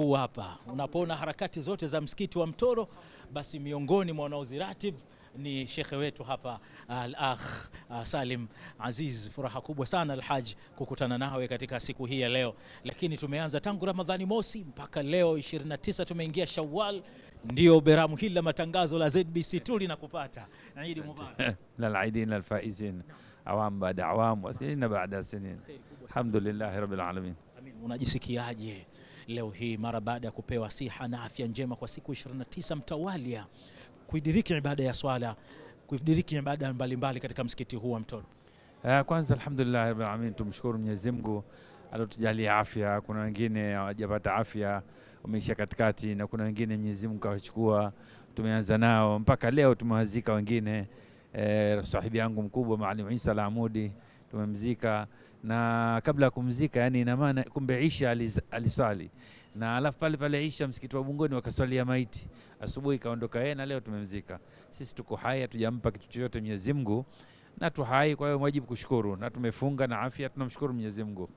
Huu hapa unapoona harakati zote za msikiti wa Mtoro, basi miongoni mwa wanaoziratib ni shekhe wetu hapa al-akh uh, Salim Aziz. Furaha kubwa sana Alhaji kukutana nawe katika siku hii ya leo, lakini tumeanza tangu Ramadhani mosi mpaka leo 29 tumeingia Shawwal, ndio beramu hili la matangazo la zbc tu linakupata. Eid Mubarak lalaidin faizin awam baada awam wa sinin ba'da sinin Alhamdulillah rabbil alamin. Amin, unajisikiaje? leo hii mara baada ya kupewa siha na afya njema kwa siku 29 mtawalia kuidiriki ibada ya swala, kuidiriki ibada mbalimbali katika msikiti huu wa Mtoro. Eh, kwanza alhamdulillah rabbil alamin, tumshukuru Mwenyezi Mungu alotujalia afya. Kuna wengine hawajapata afya, wameisha katikati, na kuna wengine Mwenyezi Mungu kawachukua, tumeanza nao mpaka leo tumewazika wengine. Eh, sahibi yangu mkubwa Maalim Isa Lamudi tumemzika na kabla ya kumzika, yani ina maana kumbe Isha aliswali na alafu pale pale Isha msikiti wa Bungoni wakaswalia maiti, asubuhi kaondoka yeye na leo tumemzika sisi. Tuko hai, hatujampa kitu chochote Mwenyezi Mungu na tu hai, kwa hiyo mwajibu kushukuru, na tumefunga na afya, tunamshukuru Mwenyezi Mungu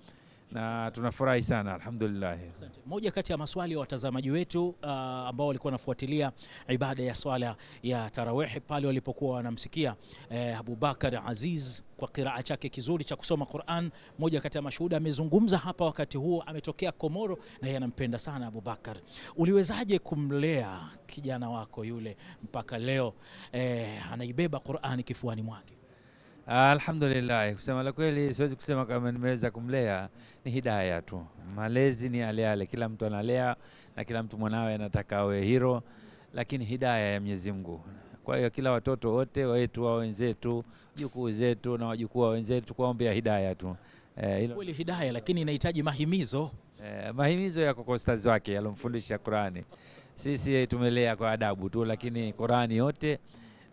na tunafurahi sana alhamdulillah. Asante. Moja kati ya maswali ya watazamaji wetu uh, ambao walikuwa wanafuatilia uh, ibada ya swala ya tarawih pale walipokuwa wanamsikia eh, uh, Abubakar Aziz kwa kiraa chake kizuri cha kusoma Quran. Moja kati ya mashuhuda amezungumza hapa wakati huo, ametokea Komoro na yeye anampenda sana Abubakar. Uliwezaje kumlea kijana wako yule mpaka leo eh, anaibeba Qurani kifuani mwake? Ah, alhamdulillah, kusema la kweli siwezi kusema kama nimeweza kumlea, ni hidaya tu. Malezi ni yale yale, kila mtu analea na kila mtu mwanawe anataka awe hero, lakini hidaya ya Mwenyezi Mungu. Kwa hiyo kila watoto wote wetu wa wenzetu, jukuu zetu na wajukuu wa wenzetu, kuwaombea hidaya tu. Eh, ilo... kweli hidaya, lakini inahitaji mahimizo. Eh, mahimizo yako kwa ustazi wake alomfundisha Qurani. Sisi tumelea kwa adabu tu, lakini Qurani yote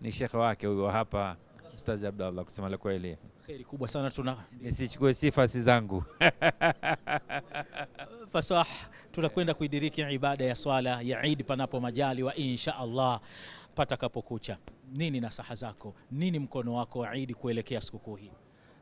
ni shekhe wake huyo hapa Ustazi Abdallah, kusema la kweli, kheri kubwa sana tuna, nisichukue sifa si zangu fasah. Tunakwenda kuidiriki ibada ya swala ya Eid panapo majali wa insha Allah patakapokucha. Nini nasaha zako, nini mkono wako wa Eid kuelekea sikukuu hii?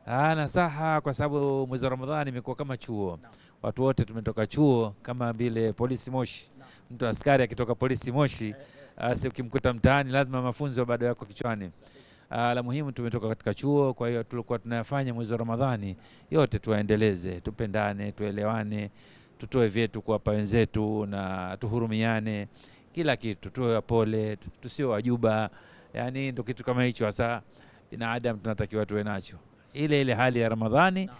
Ah, nasaha kwa sababu mwezi wa Ramadhani imekuwa kama chuo no. Watu wote tumetoka chuo kama vile polisi Moshi no. Mtu askari akitoka polisi Moshi eh, eh, ah, ukimkuta mtaani lazima mafunzo bado yako kichwani Sahi. Ah, la muhimu tumetoka katika chuo, kwa hiyo tulikuwa tunayafanya mwezi wa Ramadhani yote tuwaendeleze, tupendane, tuelewane, tutoe vyetu kuwapa wenzetu na tuhurumiane, kila kitu tuwe wapole, tusio wajuba. Yani ndo kitu kama hicho hasa binadamu tunatakiwa tuwe nacho, ile ile hali ya Ramadhani no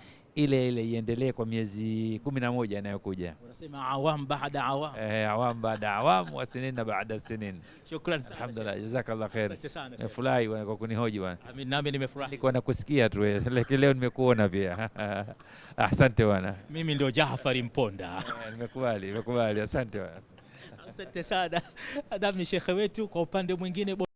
ile ile iendelee kwa miezi kumi na moja inayokuja. Unasema awam baada awam. Eh, awam baada awam wa sinin na baada sinin. Shukran sana. Alhamdulillah, jazakallah khair. Nimefurahi bwana kwa kunihoji bwana. Amin, nami nimefurahi. Nilikuwa nakusikia tu eh, lakini leo nimekuona pia. Asante bwana. Mimi ndio Jaafari Mponda. Eh, nimekubali, nimekubali. Asante bwana. Asante sana. Adam shekhe wetu kwa upande mwingine